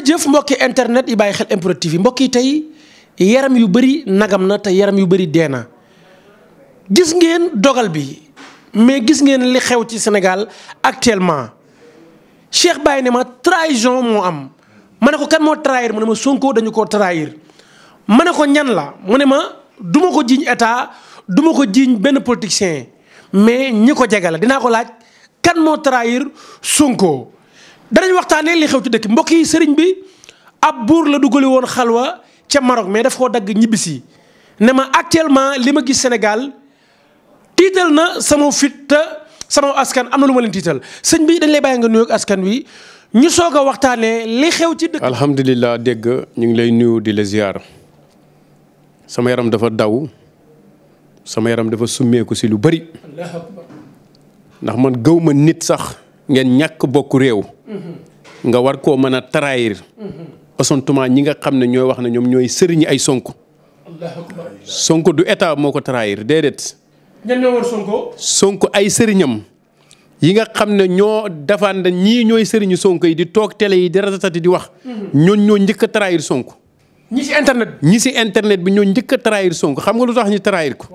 jëf mbokki yi bàyyi xel MPROD TV mbokk yi tey yaram yu bëri nagam na te yaram yu bëri dee na gis ngeen dogal bi mais gis ngeen li xew ci Sénégal actuellement Cheikh Baye ne ma trahison moo am ma ne ko kan moo trahir mu ne ma Sonko dañu koo trahir ma ne ko ñan la mu ne ma du ko jiiñ état du ma ko jiiñ benn politicien mais ñi ko jege la dinaa ko laaj kan moo trahir Sonko. danañ waxtaanee li xew ci dëkk mbokk yi sëriñ bi ab buur la dugali woon xalwa ca Maroc mais daf koo dagg ñibbisi ne ma actuellement li ma gis Sénégal tiital na sama fit sama askan am na lu ma leen tiital sëñ bi dañ lay bàyyi nga nuyoog askan wi ñu soog a waxtaanee li xew ci dëkk. dégg ñu ngi lay nuyu di la ziar sama yaram dafa daw sama yaram dafa summeeku si lu bëri ndax man gëw ma nit sax. ngeen ñàkk bokk réew. Mm-hmm. nga war koo mën a trahir. Mm-hmm. osontumaa ñi nga xam ne ñooy wax na ñoom ñooy sëriñi ay sonk Sonko du état moo ko trahir déedéet. ñan ñoo war Sonko. Sonko ay sëriñam. yi nga xam ne ñoo defaan ñii ñooy sëriñu sonk yi di toog télé yi di ratatati di wax. Mm-hmm. ñooñ ñoo njëkk a sonk Sonko. ñi ci internet ñi ci internet bi ñoo njëkk a sonk xam nga lu tax ñi trahir ko.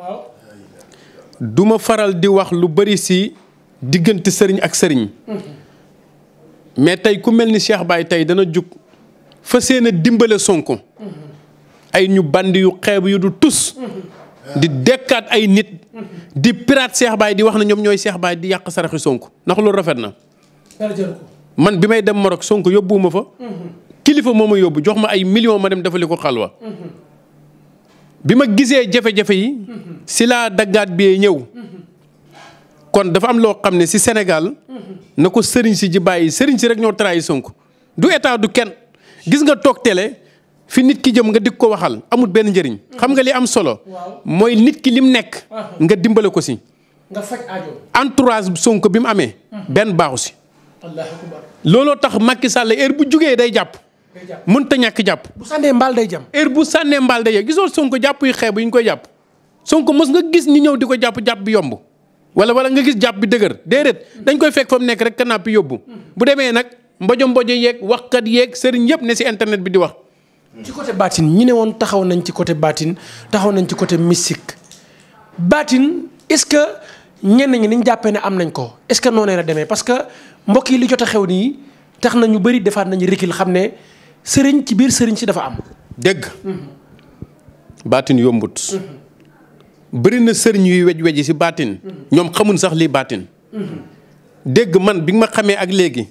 du faral di wax lu bari ci. diggante sëriñ ak sëriñ mais tey ku mel ni Cheikh baay tey dana jug fa seen a dimbale Sonko ay ñu band yu xeeb yu du tus di dekkaat ay nit di piraat Cheikh baay di wax na ñoom ñooy Cheikh Baye di yàq saraxi Sonko ndax lu rafet na man bi may dem Maroc Sonko yóbbuwuma fa kilifa moom ma yóbbu jox ma ay million ma dem defali ko xalwa bi ma gisee jafe-jafe yi si laa daggaat bi ñëw kon dafa am loo xam ne si Sénégal na ko sëriñ si ji bàyyi sëriñ si rek ñoo trahi Sonko du état du kenn gis nga toog télé fi nit ki jëm nga dig ko waxal amul benn njariñ xam nga li am solo. mooy nit ki lim nekk. nga dimbale ko si. nga faj aajo. entourage bi mu amee. benn baaxu si. looloo tax Macky Sall heure bu jugee day jàpp. mënut a ñàkk jàpp. bu sànnee mbaal day jam. heure bu sànnee mbaal day jam gisoo Sonko jàpp yu xeeb yi ñu koy jàpp. Sonko mos nga gis ñi ñëw di ko jàpp jàpp bi yomb. wala wala nga gis jàpp bi dëgër déedéet dañ koy fekk fa mu nekk rek kanappi yóbbu bu demee nag mbojo mbojo yeeg waxkat yeeg sëriñ yëpp ne si internet bi di wax. ci côté baatin ñu ne woon taxaw nañ ci côté baatin taxaw nañ ci côté mystique baatin est-ce que ñenn ñi niñ jàppee ne am nañ ko est-ce que noonee la demee parce que mbokk yi li jot a xew nii tax na ñu bëri defaat nañu rikil xam ne sëriñ ci biir sëriñ si dafa am. dégg. Mm-hmm. baatin yombut. Mm-hmm. bëri na sëriñ yuy wej weji si baatin ñoom xamuñ sax lii baatin dégg man bi ma xamee ak léegi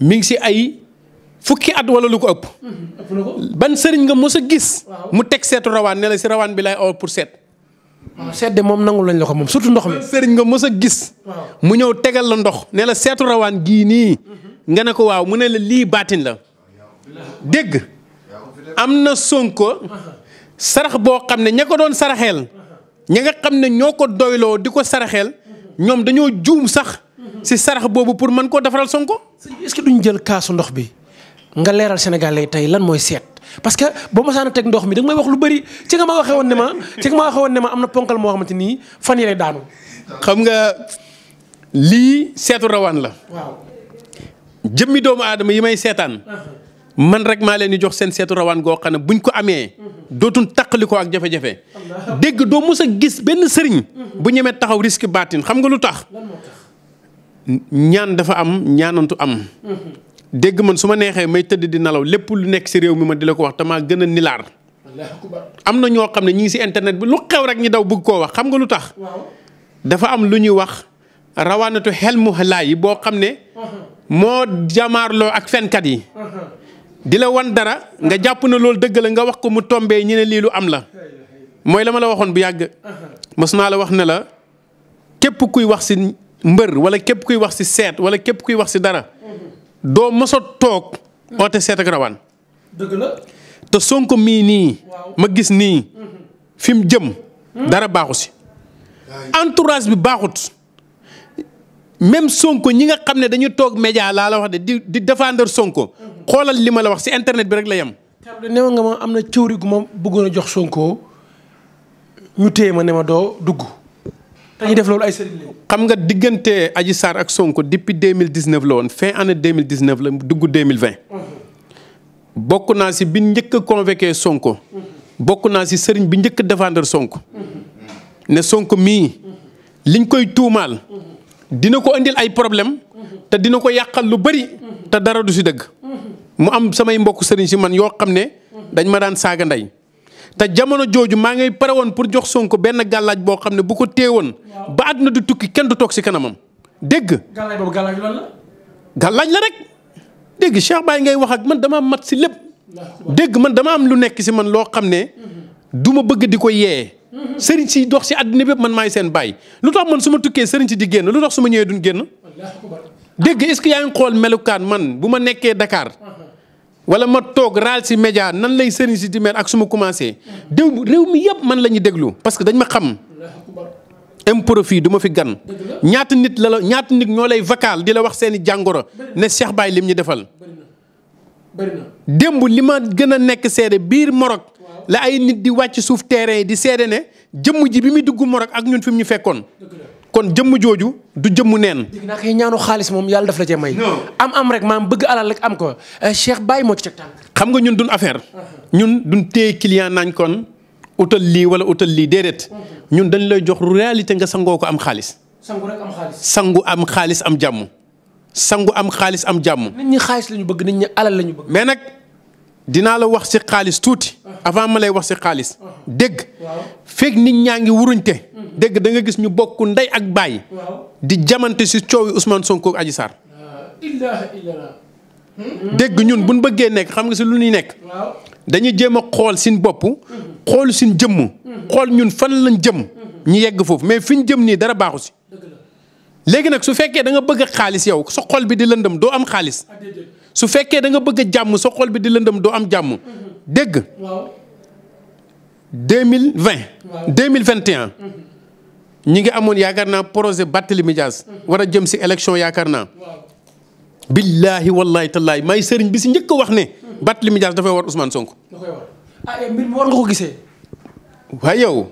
mi ngi si ay fukki at wala lu ko ëpp ban sëriñ nga mos a gis mu teg seetu rawaan ne la rawaan bi lay aw pour seet seet moom nangu lañ la ko moom surtout ndox mi sëriñ nga mos a gis mu ñëw tegal la ndox ne la seetu rawaan gii nii nga ne ko waaw mu ne la lii baatin la dégg am na sonk sarax boo xam ne ña ko doon saraxeel ñi nga xam ne ñoo ko doyloo di ko saraxeel ñoom dañoo juum sax si sarax boobu pour mën koo defaral Sonko. est-ce que duñ jël kaasu ndox bi nga leeral Sénégalais tey lan mooy seet parce que boo ma saana teg ndox mi da may wax lu bëri ci nga ma waxee woon ne ma ci nga ma waxee woon ne ma am na ponkal moo xamante nii fan yii lay daanu. xam nga lii seetu rawaan la. waaw jëmmi doomu aadama yi may seetaan. Uh-huh. man rek maa leen di jox seen seetu rawaan goo xam ne buñ ko amee dootuñ taqalikoo ak jafe-jafe dégg doo mës a gis benn sëriñ bu ñemee taxaw risque baatin xam nga lu tax ñaan dafa am ñaanantu am dégg man su ma neexee may tëdd di nelaw lépp lu nekk si réew mi ma di la ko wax damaa gën a nilaar am na ñoo xam ne ñi ngi si internet bi lu xew rek ñi daw bëgg koo wax nga lu tax dafa am lu ñuy wax rawaanatu xel mu yi boo xam ne moo jamaarloo ak fenkat yi di la wan dara nga jàpp na loolu dëgg la nga wax ko mu tombee ñu ne lii lu am la mooy la ma la waxoon bu yàgg mos naa la wax ne la képp kuy wax si mbër wala képp kuy wax si seet wala képp kuy wax si dara doo mos toog oote seet ak rawaan dëgg la te sonk mii nii ma gis nii fi mu jëm hmm? dara baaxu si entourage bi baaxut même Sonko ñi nga xam ne dañu toog média laa la wax de di di défendre Sonko xoolal li ma la wax si internet bi rek la yem. Thierno néew nga ma am na cëwri gu ma bëggoon a jox sonkoo ñu téye ma ne ma doo dugg. dañuy def loolu ay sëriñ xam nga diggante Adji Sarr ak Sonko depuis 2019 la woon fin année 2019 la dugg 2020. Mhm. bokk naa si bi njëkk a convoqué Sonko. Mhm. bokk naa si sëriñ bi njëkk a défendre Sonko. Mhm. ne sonk mii. liñ koy tuumaal. dina ko indil ay problème te dina ko yàqal lu bari te dara du si dëgg mu am samay mbokk sëriñ si man yoo xam ne dañ ma daan saaga ndey te jamono jooju maa ngay pare woon pour jox Sonko benn gàllaaj boo xam ne bu ko teewoon ba àdduna du tukki kenn du toog si kanamam dégg. gàllaaj boobu la. gàllaaj la rek dégg Cheikh Baye ngay wax ak man dama mat si lépp. dégg man dama am lu nekk si man loo xam ne du ma bëgg di ko yee. sëriñ si dox si àddina bépp man maay seen bàyyi lu tax man su ma tukkee sëriñ si di su ma ñëwee duñ génn. dégg est que yaa ngi xool melukaan man bu ma nekkee dakaar wala ma toog raal si média nan lay sëriñ si di ak su ma commencé déw réew mi yëpp man la ñuy déglu parce que dañ ma xam improfit du ma fi gan ñaata nit la ñaata nit ñoo lay vocal di la wax seen i jàngoro ne Cheikh Baye lim ñu defal démb li ma gën a nekk seede biir Morog la ay nit di wàcc suuf terrain yi di seede ne jëmm ji bi muy dugg Morog ak ñun fim ñu fekkoon kon jëmm jooju du jëmm neen. ñaanu xaalis moom yàlla daf cee may. am am rek maam bëgg alal rek am ko eh, Cheikh Baye moo ci teg xam nga ñun duñ affaire. Uh-huh. ñun duñ téye client nañ kon utal lii wala utal lii déedéet. Uh-huh. ñun dañ lay jox réalité nga sangoo ko am xaalis. sangu rek am xaalis. sangu am xaalis am jàmm. sangu am xaalis am jàmm. nit ñi xaalis lañu bëgg nit ñi alal lañu mais nag dinaa la wax si xaalis tuuti. Uh-huh. avant ma lay wax si xaalis. dégg. feeg nit ñaa ngi wuruñte dégg da nga gis ñu bokk ndey ak baay di jamante si coow yi Ousmane Sonko Adji Sarr hmm? dégg ñun buñ bëggee nekk xam nga si lu ñuy nekk dañuy jéem a xool sin bopp hmm. xool sin jëmm hmm. xool ñun fan lañ jëm ñu yegg foofu mais fi ñu jëm nii dara baaxu si léegi nag su fekkee da nga bëgg xaalis yow sa xol bi di lëndëm doo am xaalis ah, su fekkee danga bëgg jàmm sa xol bi di lëndëm doo am jàmm dégg 2020 2021 ñi ngi amoon yaakaar naa projet Barthélémy Dias war a jëm si élection yaakaar naa. billaahi wallaahi tallaahi may sëriñ bi si njëkk a wax ne. Barthélémy Dias dafay war Ousmane Sonko. dafay war ah mbir mi gisee. waaye yow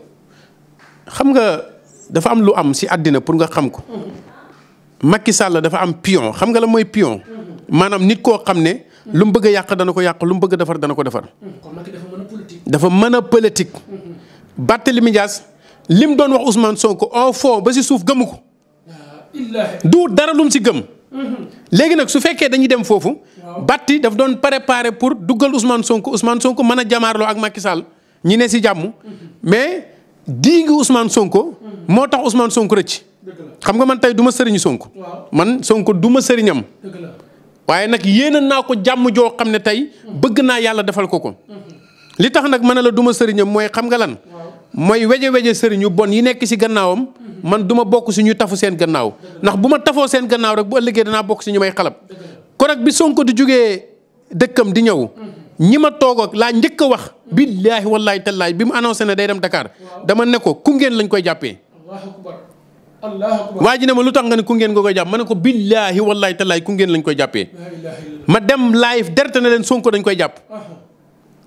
xam nga dafa am lu am si àddina pour nga xam ko. Macky Sall dafa am pion xam nga la mooy pion. maanaam nit koo xam ne. lu mu bëgg yàq dana ko yàq lu mu bëgg a defar dana ko defar. dafa mën a politique. dafa lim doon wax Ousmane Sonko en fond ba si suuf gëmu ko. du dara lum si gëm. léegi nag su fekkee dañuy dem foofu. batti daf doon préparer pour duggal Ousmane Sonko Ousmane Sonko mën a jamaarloo ak Macky Sall ñi ne si jàmm. mais dii ngi Ousmane sonk moo tax Ousmane sonk rek xam nga man tey du ma sonk Sonko. man sonk du ma sëriñam. waaye nag yéene naa ko jàmm joo xam ne tey bëgg naa yàlla defal ko ko. li tax nag mën a la du ma sëriñam mooy xam nga lan. mooy weje weje sëriñu bon yi nekk ci gannaawam man duma bokk ci ñu tafu seen gannaaw ndax bu ma tafoo seen gannaaw rek bu ëllëgee danaa bokk ci ñu may xalab kon nag bi Sonko di jógee dëkkam di ñëw ñi ma toog ak laa njëkk a wax billaahi wallaahi tallaahi bi mu annoncé ne day dem Dakar dama ne ko Koungheul lañ koy jàppee waa ji ne ma lu tax nga ne Koungheul nga koy jàpp ma ne ko billaahi wallaahi tallaahi Koungheul lañ koy jàppee ma dem laay derte na leen Sonko dañ koy jàpp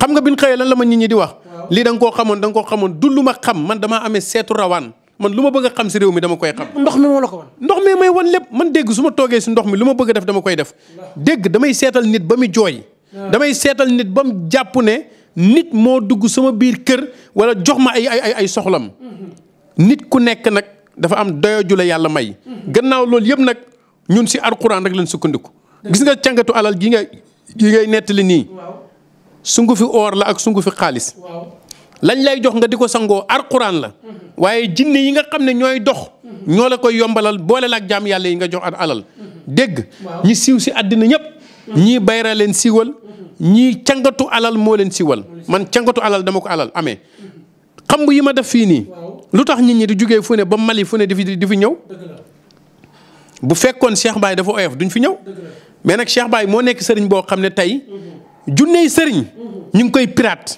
xam nga bin xëyee lan la ma nit ñi di wax lii da nga koo xamoon da koo xamoon du lu ma xam man damaa amee seetu rawaan man lu ma bëgg a xam si réew mi dama koy xam. ndox mi moo la ko wan. ndox mi may wan lépp man dégg su ma toogee si ndox mi lu ma bëgg def dama koy def dégg damay seetal nit ba mu jooy. Ah. damay seetal nit ba mu jàpp ne nit moo dugg sama biir kër wala jox ma ay ay ay soxlam. Mm-hmm. nit ku nekk nag dafa am doyo ju yàlla may. Mm-hmm. gannaaw loolu yëpp nag ñun si alxuraan rek lañ sukkandiku. gis nga càngatu alal gi nga ngay nettali nii. sungufi oor la ak sungufi xaalis lañ lay jox nga di ko sangoo alxuraan la waaye jinne yi nga xam ne ñooy dox ñoo la koy yombalal boole la ak jaam yàlla yi nga jox ak alal dégg ñi siiw si àddina ñëpp ñii bayra leen siiwal ñii cangatu alal moo leen siiwal man cangatu alal dama ko alal amee xam bu yi ma def fii nii lu tax nit ñi di jugee fu ne ba Mali fu ne di fi di fi ñëw bu fekkoon Cheikh Baye dafa oyof duñ fi ñëw mais nag Cheikh Baye moo nekk sëriñ boo xam ne tey mhm. junney sëriñ ñu ngi koy pirate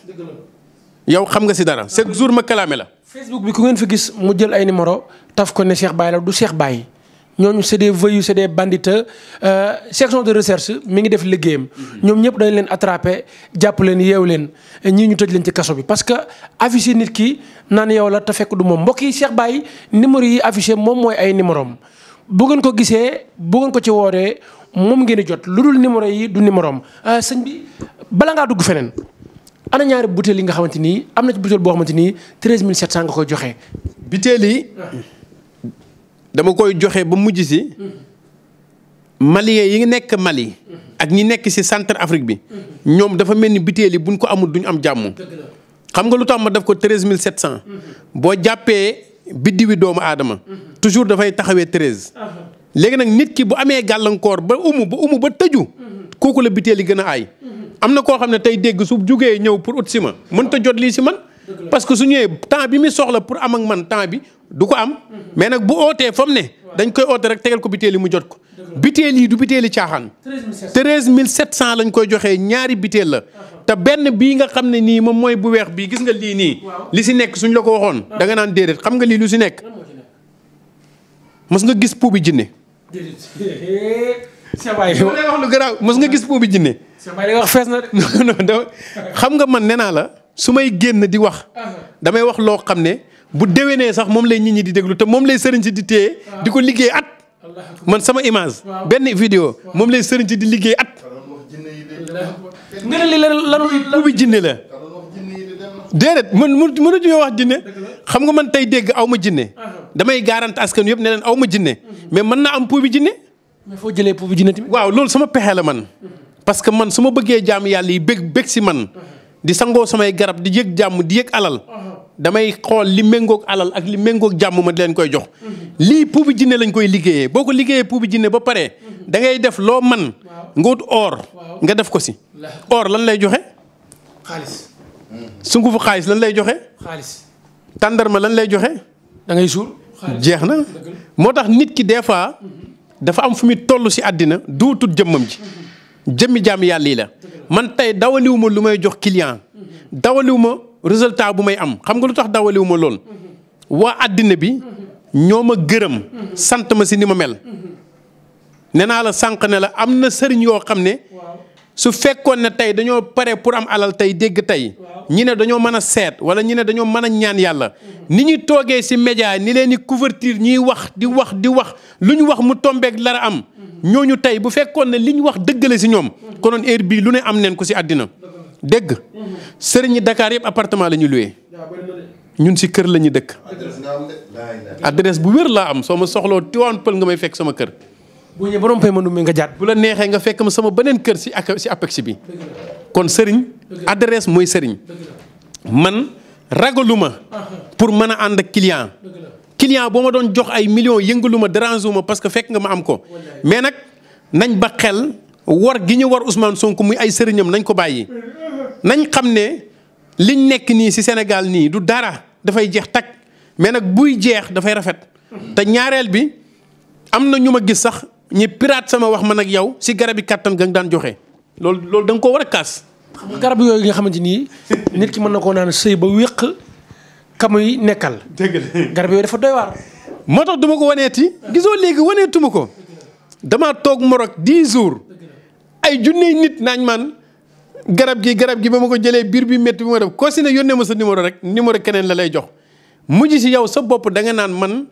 yow xam nga si dara chaque jour ma kalaame la. Facebook bi ku ngeen fa gis mu jël ay numéro taf ko ne Cheikh Baye la Cheikh Baye ñooñu c'est des voyous c'est des bandits euh, section de recherche mi ngi def liggéeyam. ñoom ñëpp dañu leen attrapé jàpp leen yeew leen ñii ñu tëj leen ci kaso bi parce que affiché nit ki naan yow la te fekk du moom mbokk yi Cheikh Baye numéro yi affiché moom mooy ay numéro am bu ngeen ko gisee bu ngeen ko ci wooree. moom ngeen di jot lu dul numéro yi du numéro am euh, sëñ bi bala ngaa dugg feneen ana ñaari butéel yi nga xamante ni am na ci butéel boo xamante ni 13700 nga koy joxe. butéel yi dama koy joxe ba mujj si maliens yi nga nekk Mali ak ñi nekk si centre Afrique bi ñoom dafa mel ni butéel yi buñ ko amul duñ am jàmm. xam nga lu tax ma def ko 13700 boo jàppee biddi doomu aadama toujours dafay taxawee 13. léegi nag nit ki bu amee gàllankoor ba umu ba umu ba tëju mhm. kooku la biteel yi gën a aay mhm. am na koo xam ne tey dégg su jugee ñëw pour ut si ma mënta jot lii si man parce que su ñëwee temps bi muy soxla pour am ak man temps bi du ko am mhm. mais nag bu ootee fa ne dañ koy oote rek tegal ko biteel yi mu jot ko biteel yi du biteel yi caaxaan treize mille sept cent lañ koy joxee ñaari biteel la te benn bii nga xam ne nii moom mooy bu weex bii gis nga lii nii li si nekk suñ la ko waxoon ah. danga naan déedéet xam nga lii lu si nekk mas nga gis puubi jinne Cheikh Baye yow wax lu garaaw mos nga gis boobu jinne. Cheikh Baye wax fees na de. non non xam nga man nee naa la su may génn di wax. Ah, ah. damay wax loo xam ne bu déwénee sax moom lay nit ñi di déglu te moom lay sëriñ si di téye. Ah. di ko liggéey at. man sama image. benn vidéo moom lay sëriñ si di liggéey at. nga ne li lan jinne la. déedéet man mënuñoo wax jinne xam nga man tey dégg aw ma jinne uh-huh. damay garante askan yëpp ne leen aw ma jinne uh-huh. mais mën naa am puubi jinne mais foo jëlee puubi jinne tamit waaw loolu sama pexee la man uh-huh. parce que man su ma bëggee jàmm yàlla yi bég bég si man di sangoo samay garab di yëg jàmm di yëg alal damay xool li méngoog alal ak li méngoog jàmm ma di leen koy jox lii puubi jinne lañ koy liggéeyee boo ko liggéeyee puubi jinne ba pare dangay def loo man nga wut or nga def ko si or lan lay joxe xaalis sungufu xaalis lañ lay joxe. xaalis tàndarma lañ lay joxe. da ngay suur jeex na moo tax nit ki des fois dafa am fu muy toll si àddina duutut jëmmam ji jëmmi jaam yàlla yi la man tey dawaliwuma lu may jox client dawaliwuma résultat bu may am xam nga lu tax dawaliwuma lool waa àddina bi ñoo ma gërëm sant ma si ni ma mel nee naa la sànq ne la am na sëriñ yoo xam ne su fekkoon na tey dañoo pare pour am alal tey dégg tey ñi ne dañoo mën a seet wala ñi ne dañoo mën a ñaan yàlla ni ñuy toogee ci média ni leen di couverture ñiy wax di wax di wax lu ñu wax mu tombeek lara am ñooñu tey bu fekkoon ne li ñu wax dëgg la ci ñoom konoon heure bii lu ne am neen ko ci àddina dégg sëriñi Dakar yëpp appartement la ñu loué ñun ci kër la ñu dëkk adresse bu wér laa am soo ma soxloo Tivaouane Peulh nga may fekk sama kër bu ñëwee borom pay ma numee nga jaat bu la neexee nga fekk ma sama beneen kër si ak si apex bi kon sëriñ adresse mooy sëriñ man ragaluma ah. pour mën a ànd ak client client boo ma doon jox ay millions yëngaluma dérange ma parce que fekk nga ma am ko mais nag nañ ba xel war gi ñu war Ousmane Sonko muy ay sëriñam nañ ko bàyyi nañ xam ne liñ nekk nii si Sénégal nii du dara dafay jeex takk mais nag buy jeex dafay rafet te ñaareel bi am na ñu ma gis sax ñi piraat sama wax man ak yow si garab yi kàttan ga nga daan joxe loolu loolu da nga koo war a kaas. garab yooyu nga xamante ni nit ki mën na koo naan sëy ba wéq kamuy nekkal. dëgg garab yooyu dafa doy waar. moo tax du ma ko waneeti gisoo léegi waneetuma ko dama toog Maroc 10 jours ay junne nit naañ man garab gi garab gi ba ma ko jëlee biir bi métti bi ma def ko si ne yónnee ma sa numéro rek numéro keneen la lay jox mujj si yow sa bopp da nga naan man.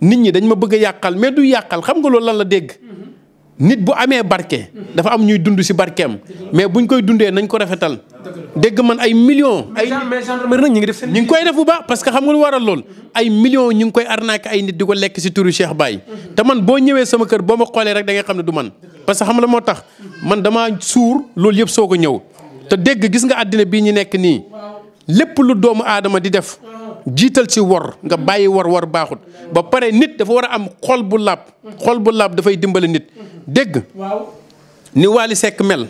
nit ñi dañ ma bëgg a yàqal mais du yàqal xam nga loolu lan la dégg. Mm-hmm. nit bu amee barke. Mm-hmm. dafa am ñuy dund ci barkeem. mais bu ñu koy dundee nañ ko rafetal. dégg man ay million ay mais gendarmerie nag ñu ngi def seen. ñu ngi koy def bu baax que xam nga lu waral lool. Mm-hmm. ay ñu ngi koy arnaqué ay nit di ko lekk ci turu Cheikh Baye. te man boo ñëwee sama kër boo ma xoolee rek da xam ne du man. parce que xam la moo tax man dama suur loolu yëpp soo ko ñëw. te dégg gis nga àddina bii ñu nekk nii. lépp lu doomu aadama di def. jiital si wor nga bàyyi wor wor baaxut ba pare nit dafa war a am xol bu laab xol bu laab dafay dimbali nit dégg ni Wally sekk mel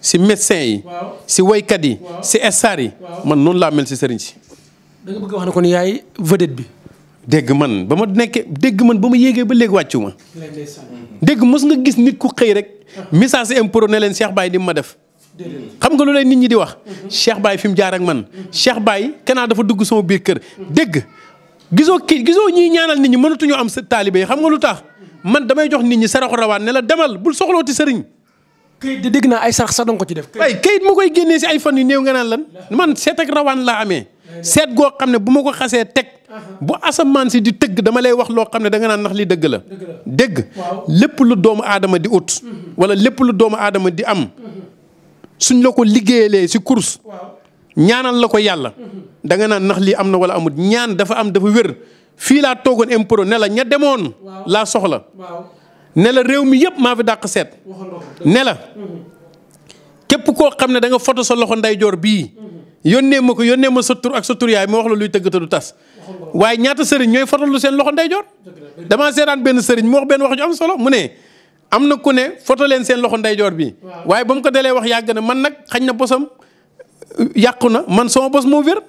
si médecin yi si woykat yi si star yi man noonu laa mel si sëriñ si da nga wax ne kon yaay vedette bi dégg man ba ma nekkee dégg man ba ma yéegee ba léegi wàccu ma dégg mos nga gis nit ku xëy rek message impro ne leen Cheikh Baye ni ma def xam nga lu lay nit ñi di wax. Cheikh Baye fi mu jaar ak man. Cheikh Baye kanaa dafa dugg sama biir kër dégg. gisoo kii gisoo ñiy ñaanal nit ñi mënatuñu am sa taalibe xam nga lu tax man damay jox nit ñi saraxu rawaan ne la demal bul soxlooti sëriñ. kayit di naa ay sax danga ko ci def. waaye kayit mu koy génnee si ay fan yu néew nga naan lan man seet rawaan laa amee. seet goo xam ne bu ma ko xasee teg. bu asamaan si di tëgg dama lay wax loo xam ne danga naan ndax li dëgg la. dégg lépp lu doomu aadama di ut. wala lépp lu doomu aadama di am. suñ la ko liggéeyalee si course ñaanal la ko yàlla mm-hmm. da nga naan nax lii am na wala amut ñaan dafa am dafa wér fii laa toogoon impro ne la ña demoon laa soxla ne la réew mi yëpp maa fi dàq seet ne la mm-hmm. képp koo xam ne da foto sa loxo ndeyjoor bii mm-hmm. yónnee ma ko yónnee ma sa tur ak sa tur yaay ma wax la luy tëgg te du tas waaye ñaata sëriñ ñooy foto lu seen loxo ndeyjoor dama seetaan benn sëriñ mu wax benn wax ju am solo mu ne am na ku ne foto leen seen loxo ndeyjoor bi waaye ba mu ko delee wax yàgg na man nag xañ na bosam euh, yàqu na man sama bos moo wér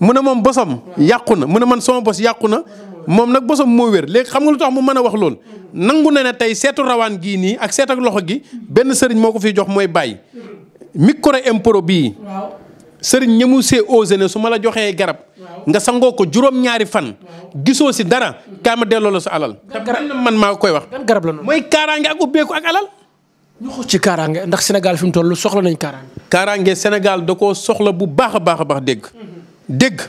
mu ne moom bosam yàqu na mu ne man sama bos yàqu na moom nag bosam moo wér léegi xam nga lu tax mu mën a wax lool nangu na ne tey seetu rawaan gii nii ak seet loxo gi benn sëriñ moo ko fi jox mooy bàyyi mm-hmm. micro impro bii sëriñ ñamu see osé ne su ma la joxee garab nga sangoo ko juróom-ñaari fan gisoo si dara kaama ma delloo la sa alal. te man maa koy wax. garab la mooy kaaraange ak ubbeeku ak alal. ci kaaraange ndax Sénégal fi mu toll soxla nañ kaaraange. kaaraange Sénégal da koo soxla bu baax a baax a baax dégg. Mhm. dégg.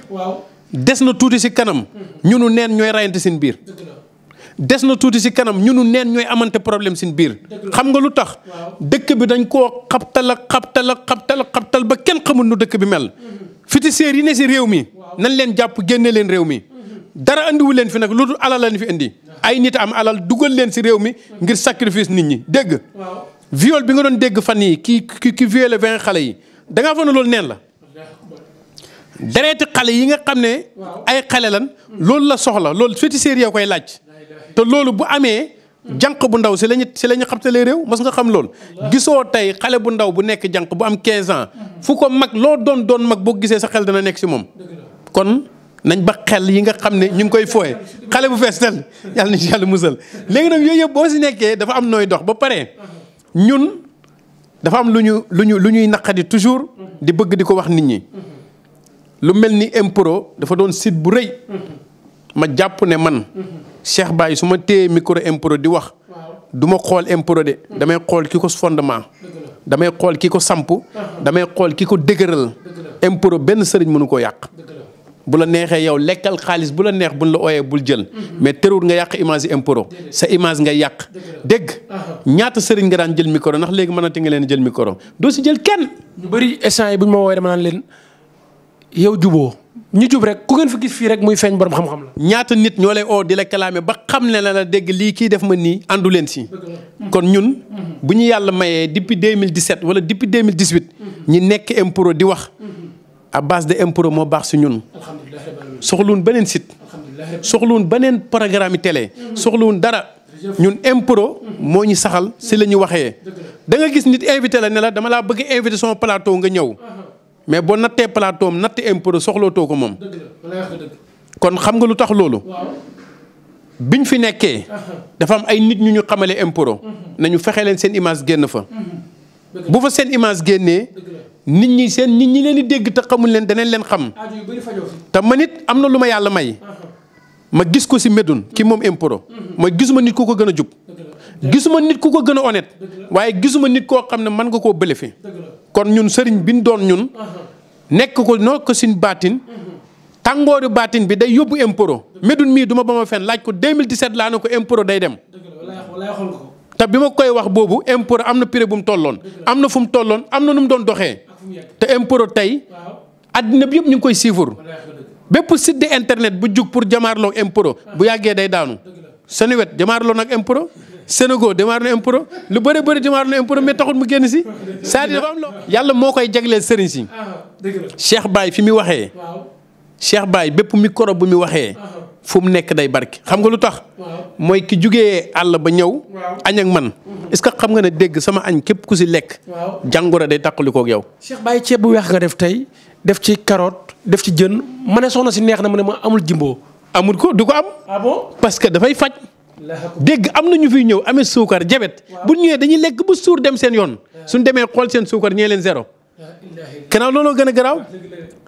des na tuuti si kanam. Mhm. ñunu neen ñooy rayante seen biir. des na tuuti si kanam ñu nu neen ñooy amante problème sin biir xam nga lu tax dëkk bi dañ koo xabtal ak xabtal ak xabtal ak xabtal ba kenn xamul nu dëkk bi mel féticheurs yi ne si réew mi nañ leen jàpp génne leen réew mi dara andiwu leen fi nag lu dul alal lañ fi indi ay nit am alal dugal leen si réew mi ngir sacrifice nit ñi dégg viole bi nga doon dégg fan yi ki ki ki violé xale yi da ngaa fa ne loolu neen la dereeti xale yi nga xam ne ay xale lan loolu la soxla loolu féticheurs yow koy laaj te loolu bu amee. jànq bu ndaw si lañu si la ñu xamtalee réew mas nga xam loolu. gisoo tey xale bu ndaw bu nekk jànq bu am 15 ans. fu ko mag loo doon doon mag boo gisee sa xel dana nekk si moom. kon nañ ba xel yi nga xam ne ñu ngi koy fooye xale bu fees tel yàlla nañ si yàlla musal léegi nag yooyu yëpp boo si nekkee dafa am nooy dox ba pare ñun dafa am lu ñu lu ñu lu ñuy naqadi toujours di bëgg di ko wax nit ñi. lu mel ni impro dafa doon site bu rëy. ma jàpp ne man. Cheikh Baye su ma téyee micro impro di wax. duma xool impro de. Hmm. damay xool ki ko fondement. damay xool ki ko samp. Ah. damay xool ki ko dëgëral. impro benn sëriñ mënu koo yàq. bu la neexee yow lekkal xaalis bu la neex bu buñ la ooyee bul jël hmm. mais terewul nga yàq image yi impro sa image nga yàq dëgg ah. ñaata sëriñ nga daan jël micro ndax léegi a nga leen jël micro doo si jël kenn. ñu bëri instant yi bu ñu ma woowee dama naan leen yow juboo ñu jub rek ku ngeen fi gis fii rek muy feeñ borom xam-xam la. ñaata nit ñoo lay oo di la kalaame ba xam ne na la dégg lii kii def ma nii àndu leen si. kon ñun. bu ñu yàlla mayee depuis 2017 wala depuis 2018. ñi nekk impro di wax. à base de impro moo baax si ñun. soxluwun beneen site. soxluwun beneen programme télé. soxluwun dara. ñun impro moo ñu saxal si la ñu waxee. da gis nit invité la ne la dama laa bëgg invité sama plateau nga ñëw. mais boo nattee plateau am imporo impôt soxlootoo ko moom. kon xam nga lu tax loolu. biñ fi nekkee. Uh-huh. dafa am ay nit ñu ñu xamale impôt. Uh-huh. nañu fexe leen seen image génn fa. Uh-huh. bu fa seen image génnee. nit ñi seen nit ñi leen di dégg te xamul leen danañ leen xam. te ma it am na lu ma yàlla may. ma gis ko si Médoune ki moom impôt. mooy gisuma nit ku ko gën a jub. gisuma nit ku ko gën a honnête waaye gisuma nit koo xam ne mën nga koo bëlëfe kon ñun sëriñ bi ñu doon ñun nekk ko noo ko sin baatin tàngooru baatin bi day yóbbu imporo medun mii duma ba ma fen laaj ko 2017 laa ne ko imporo day dem te bi ma koy wax boobu imporo am na prix bu mu tolloon am na fu mu tolloon am na nu mu doon doxee te imporo tey àddina bi yëpp ñu ngi koy siifur bépp site internet bu jug pour jamaarloo imporo bu yàggee day daanu seen wet jamaarloo nag imporo Sénégal démarré na impro lu bëri bëri démarré na impro mais taxul mu génn si saa à am loo yàlla moo koy jagleel sëriñ si ah, Cheikh Baye fi mu waxee Cheikh Baye bépp micro bu mu waxee ah. fu mu nekk day barki xam nga lu tax mooy ki jugee àll ba ñëw ak man est-ce que xam nga ne dégg sama añ képp ku si lekk jàngoro day tàqali yow Cheikh Baye ceeb bu weex nga def tey def ci carotte def ci jën ma ne soxna si neex na mu ne ma amul jimbo amul ah dafay faj dégg am na ñu fiy ñëw amee suukar jabet bu ñëwee dañuy lekk bu suur dem seen yoon suñ demee xool seen suukar ñee leen zéro kanaaw looloo gën a garaaw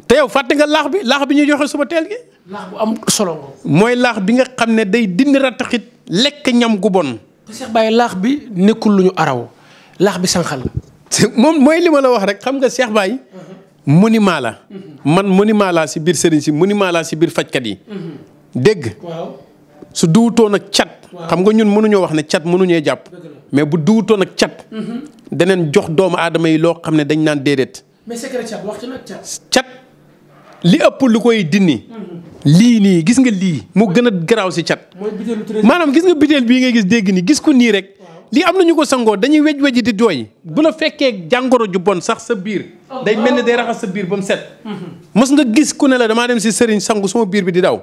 te yow fàtte nga laax bi laax bi ñuy joxe suba teel gi. laax bu am solo. mooy laax bi nga xam ne day dindi rattaxit lekk ñam gu bon. Cheikh Baye laax bi nekkul lu ñu araw laax bi sànqal la. moom mooy li ma la wax rek xam nga Cheikh Baye. Uh-huh. monument la. Uh-huh. man monument laa si biir sëriñ si monument laa si biir fajkat yi. Uh-huh. dégg. su duwutoon ak cat. xam nga ñun mënuñoo wax ne cat mënuñee jàpp mais bu dugutoon ak cat mhm. deneen jox doomu aadama yi loo xam ne dañ naan déedéet mais cat waxtu li ëpp lu koy dindi mhm. lii nii gis nga lii mu gën a garaaw si cat maanaam gis nga bitéel bii ngay gis dégg ni gis ko nii rek li am na ñu ko sangoo dañuy wej wej di jooy bu la fekkee jàngoro ju bon sax sa biir oh, day mel ni day raxas sa biir ba mu set mhm. mos nga gis ku ne la damaa dem si sëriñ sangu suma biir bi di daw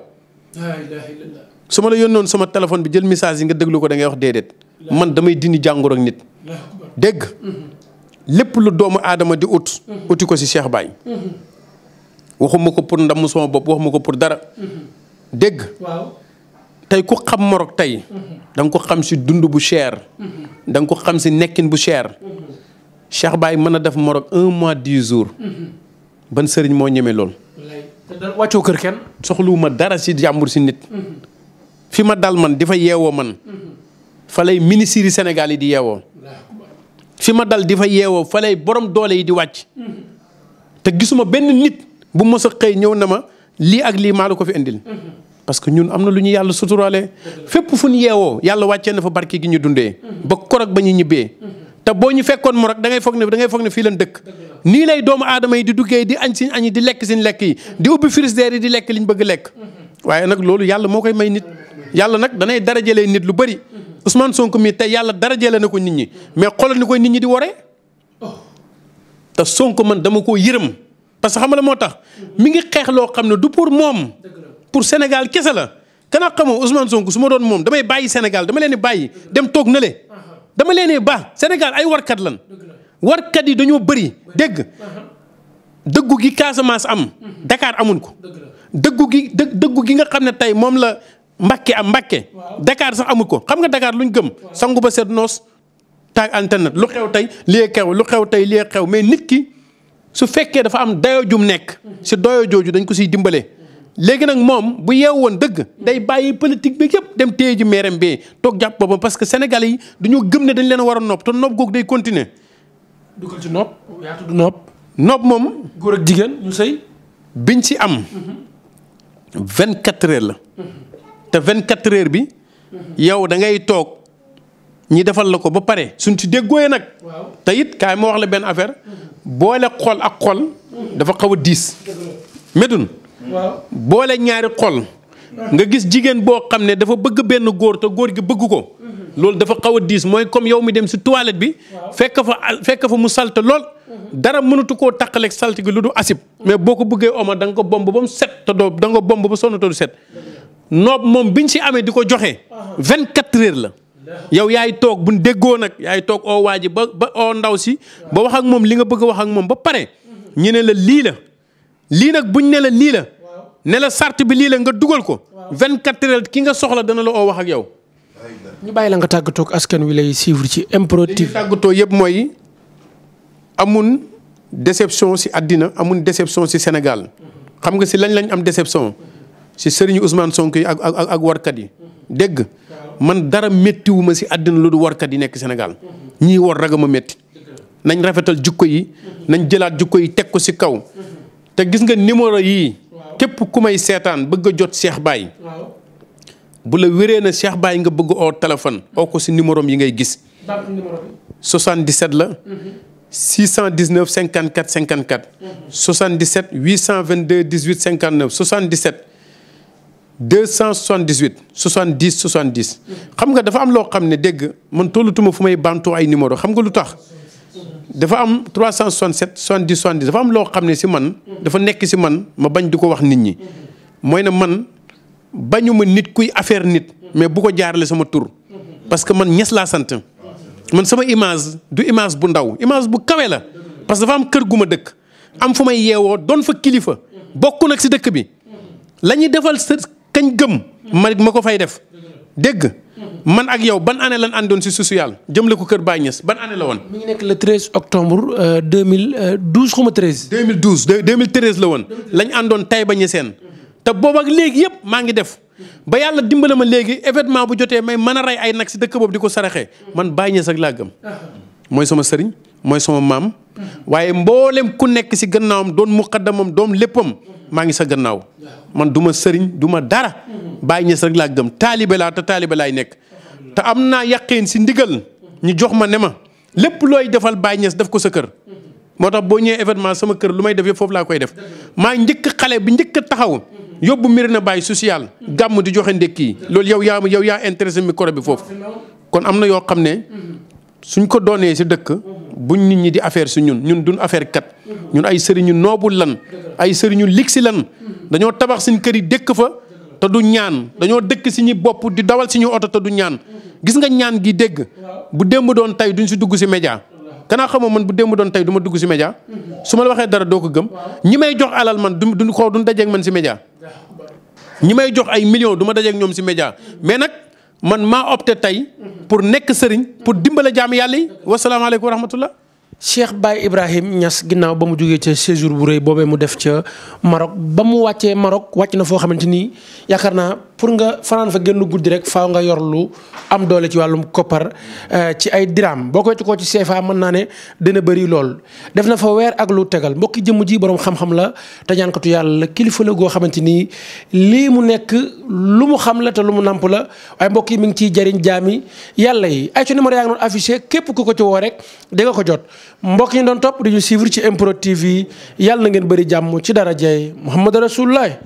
su ma la yónnoon sama téléphone bi jël message yi nga déglu ko da ngay wax déedéet man damay dindi jàngoro ak nit dégg lépp lu doomu aadama di ut uti ko si Cheikh Baye waxuma ko pour ndam sama bopp waxuma ko pour dara dégg tey ku xam Maroc tey danga ko xam si dund bu cher da nga ko xam si nekkin bu cher Cheikh Baye mën a def Maroc un mois di jours ban sëriñ moo ñeme lool. wàccoo kër kenn soxluwuma dara si jàmbur si nit fi ma dal man di fa yeewoo man fa lay ministres yi Sénégal yi di yeewoo fi ma dal di fa yeewoo fa lay borom doole yi di wàcc te gisuma benn nit bu mos a xëy ñëw na ma lii ak lii maa la ko fi indil parce que ñun am na lu ñu yàlla suturaale fépp fu ñu yeewoo yàlla wàccee na fa barke gi ñu dundee ba korog ba ñu ñibbee te boo ñu fekkoon mu rek da ngay foog ne da foog ne fii lan dëkk nii lay doomu aadama yi di duggee di añ siñ añi di lekk siñ lekk yi di di lekk liñ bëgg lekk waaye nag loolu yàlla moo koy may nit yàlla nag danay darajalee nit lu bari usman sonk mii tey yàlla darajale na ko nit ñi mais xoolal ni koy nit ñi di waree te sonk man dama koo yërëm parce que xam nga moo tax mi ngi xeex loo xam ne du pour moom pour Sénégal kese la kanaa xamoo Ousmane sonk su ma doon moom damay bàyyi Sénégal dama leen bàyyi dem toog na le dama leen ba Sénégal ay warkat lan warkat yi dañoo bëri dégg dëggu gi Casamance am Dakar amuñ ko dëggu gi dë dëggu gi nga xam ne tey moom la Mbàkke am Mbàkke Dakar sax amu ko xam nga dakaar lu luñ gëm sangu ba seet noos taag antenne lu xew tey lii xew lu xew tey lii xew mais nit ki su fekkee dafa am dayoo jum nekk si dayoo jooju dañ ko siy dimbale. léegi nag moom bu yeew woon dëgg day bàyyi politique bi yëpp dem téye ji meeram bee toog jàpp boppam parce que sénégalais yi dañoo gëm ne dañ leen war a nopp te nopp googu day continuer dugal nopp nopp nopp moom góor ak jigéen ñu sëy biñ ci am mm-hmm. vingt quatre heures la te vingt quatre heures bi yow da ngay toog ñi defal la ko ba pare suñ ci déggooyee nag te it kaay ma wax la benn affaire boole xol ak xol dafa xaw a diis medun boole ñaari xol nga gis jigéen boo xam ne dafa bëgg benn góor te góor gi bëgg ko loolu dafa xaw a diis mooy comme yow mi dem si toilette bi fekk fa fekk fa mu salte lool dara mënatu koo salt saltige lu du asib. mais boo ko bëggee oma da ko bomb ba mu set te doo danga bomb ba sonn te du set. noob moom ñu si amee di ko joxe. vingt 24 heures la. yow yaay toog bu déggoo nag yaay toog oo waa ji ba ba oo ndaw si ba wax ak moom li nga bëgg a wax ak moom ba pare. ñu ne la lii la lii nag buñ ne la lii la. ne la sart bi lii la nga dugal ko. vingt 24 heures ki nga soxla dana la oo wax ak yow. ñu bàyyi la nga tàggatoo ak wi lay suivre ci MPROD TV. li yëpp mooy. amun déception si àddina amun déception si Sénégal xam nga si lañ lañ am déception si sëriñu Ousmane sonk yi ak ak warkat yi dégg man dara méttiwu ma si àddina lu du warkat yi nekk Sénégal ñii war raga ma métti nañ rafetal jukko yi nañ jëlaat jukko yi teg ko si kaw te gis nga numéro yii képp ku may seetaan bëgg a jot Cheikh Baye bu la wéree na Cheikh Baye nga bëgg oo téléphone oo ko si numéro yi ngay gis 77 la mhm. 619 54 54. 77 822 18 59 77 278 70 70. xam nga dafa am loo xam ne dégg man tollatuma fu may bantu ay numéro xam nga lu tax. dafa am cent 367 70 70 dafa am loo xam ne si man. dafa nekk si man ma bañ du ko wax nit ñi. mooy na man bañu ma nit kuy affaire nit. mais bu ko jaarale sama tur. parce que man ñes laa sant. man sama image du image bu ndaw image bu kawee la parce que am kër gu ma dëkk am fu may yeewoo doon fa kilifa bokk nag si dëkk bi la ñuy defal sa kañ gëm ma ma ko fay def dégg man ak yaw ban année lan àndoon si social jëmle ko kër Baye Niass ban année la woon. mi ngi nekk le 13 octobre 2012 xuma 13. 2012 2013 la woon lañ àndoon Taïba Niassène te boobu ak léegi yëpp maa ngi def. ba yàlla dimbale ma léegi événement bu jotee may man a rey ay nag si dëkk boobu di ko saraxee man baay ñees ak laa gëm mooy sama sëriñ mooy sama maam waaye mboolem ku nekk si gannaawam doon muqaddamam doom léppam maa ngi sa gannaaw man du ma sëriñ duma dara bàyyi ñees rek laa gëm taalibe laa te taalibe laay nekk te am naa yaqeen si ndigal ñu jox ma ne ma lépp looy defal bàyyi ñees def ko sa kër moo tax boo ñëwee événement sama kër lu may def yëpp foofu laa koy def maa njëkk xale bi njëkk taxaw yóbbu mbir na bàyyi social gàmm di joxe ndékki loolu yow yaa yow yaa intéressé micro bi foofu kon am na yoo xam ne suñ ko doonee si dëkk buñ nit ñi di affaire si ñun ñun duñ affaire kat ñun ay sëriñu noobul lan ay sëriñu ligsi lan dañoo tabax suñ kër yi dëkk fa te du ñaan dañoo dëkk si ñi bopp di dawal si oto te du ñaan gis nga ñaan gi dégg bu démb doon tey duñ si dugg si média kanaa xamoo man bu dem doon tey duma ma dugg si média su ma la waxee dara doo ko gëm ñi may jox alal man du duñ xoo duñ dajeek man si média ñi may jox ay millions duma dajeek ñoom si média mais nag man maa opté tey mhm. pour nekk sëriñ pour dimbale jaam yàlla yi wasalaamaaleykum wa Cheikh Baye Ibrahim ñas ginnaaw ba mu jógee ca séjour bu rëy boobee mu def ca Maroc ba mu wàccee Maroc wàcc na foo xamante ni yaakaar naa pour nga fanaan fa génn guddi rek faaw nga yor lu am doole ci wàllum koppar euh, ci ay diraam boo ko koo ci CFA mën naa ne dina bëri lool. def na fa weer ak lu tegal mbokki jëmm ji boroom xam-xam la te ñaankatu yàlla la kilifa la goo xamante ni lii mu nekk lu mu xam la te lu mu namp la waaye mbokk yi mi ngi ciy jëriñ jaami yàlla yi ay ci numéro yaa ngi képp ku ko woo rek di ko jot. mbokk yi doon topp di ñu ci improtive TV yàlla na ngeen bëri jàmm ci dara jey Muhammad Rasulullah